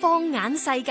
放眼世界，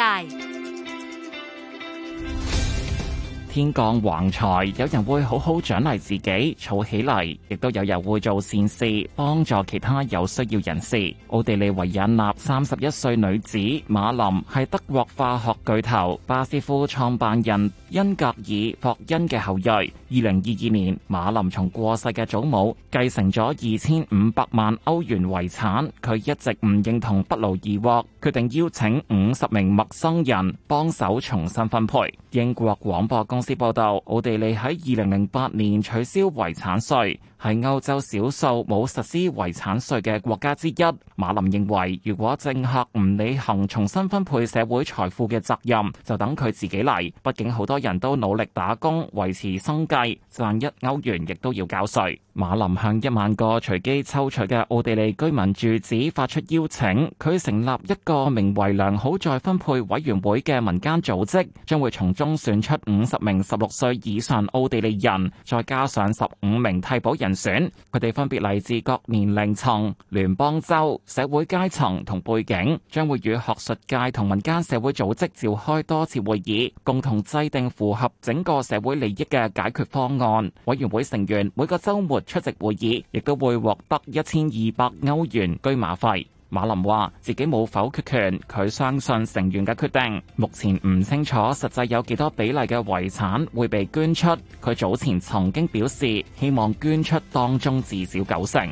天降橫財，有人會好好獎勵自己，儲起嚟，亦都有人會做善事，幫助其他有需要人士。奧地利維也納三十一歲女子馬林係德國化學巨頭巴斯夫創辦人恩格爾霍恩嘅後裔。二零二二年，馬林從過世嘅祖母繼承咗二千五百萬歐元遺產，佢一直唔認同不勞而獲，決定邀請五十名陌生人幫手重新分配。英國廣播公司報道，奧地利喺二零零八年取消遺產稅。係歐洲少數冇實施遺產稅嘅國家之一。馬林認為，如果政客唔履行重新分配社會財富嘅責任，就等佢自己嚟。畢竟好多人都努力打工，維持生計，賺一歐元亦都要交稅。馬林向一萬個隨機抽取嘅奧地利居民住址發出邀請。佢成立一個名為良好再分配委員會嘅民間組織，將會從中選出五十名十六歲以上奧地利人，再加上十五名替補人選。佢哋分別嚟自各年齡層、聯邦州、社會階層同背景，將會與學術界同民間社會組織召開多次會議，共同制定符合整個社會利益嘅解決方案。委員會成員每個周末。出席會議，亦都會獲得一千二百歐元居馬費。馬林話自己冇否決權，佢相信成員嘅決定。目前唔清楚實際有幾多比例嘅遺產會被捐出。佢早前曾經表示，希望捐出當中至少九成。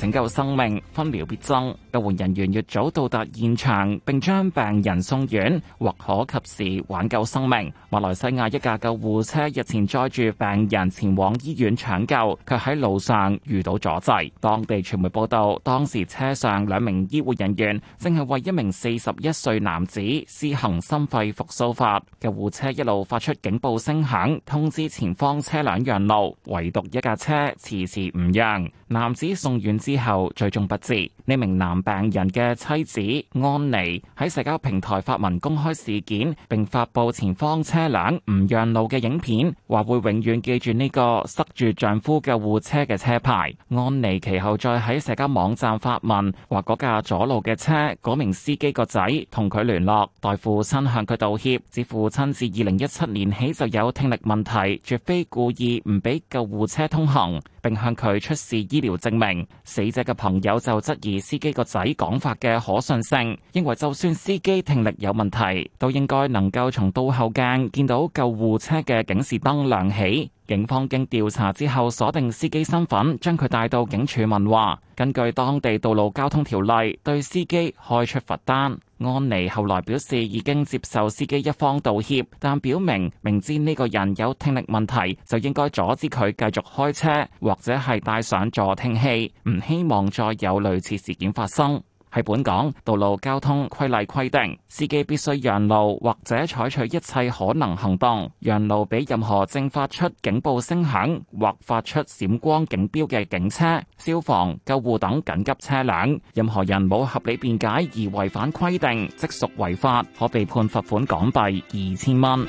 拯救生命分秒必爭，救援人員越早到達現場，並將病人送院，或可及時挽救生命。馬來西亞一架救護車日前載住病人前往醫院搶救，卻喺路上遇到阻滯。當地傳媒報道，當時車上兩名醫護人員正係為一名四十一歲男子施行心肺復蘇法，救護車一路發出警報聲響，通知前方車輛讓路，唯獨一架車遲遲唔讓。男子送院。之後最終不治。呢名男病人嘅妻子安妮喺社交平台發文公開事件，並發佈前方車輛唔讓路嘅影片，話會永遠記住呢個塞住丈夫救護車嘅車牌。安妮其後再喺社交網站發文，話嗰架阻路嘅車，嗰名司機個仔同佢聯絡，代父親向佢道歉，指父親自二零一七年起就有聽力問題，絕非故意唔俾救護車通行，並向佢出示醫療證明。死者嘅朋友就質疑司機個仔講法嘅可信性，認為就算司機聽力有問題，都應該能夠從倒後鏡見到救護車嘅警示燈亮起。警方經調查之後鎖定司機身份，將佢帶到警署問話。根據當地道路交通條例，對司機開出罰單。安妮後來表示已經接受司機一方道歉，但表明明知呢個人有聽力問題，就應該阻止佢繼續開車，或者係戴上助聽器，唔希望再有類似事件發生。喺本港道路交通規例規定，司機必須讓路或者採取一切可能行動讓路俾任何正發出警報聲響或發出閃光警標嘅警車、消防、救護等緊急車輛。任何人冇合理辯解而違反規定，即屬違法，可被判罰款港幣二千蚊。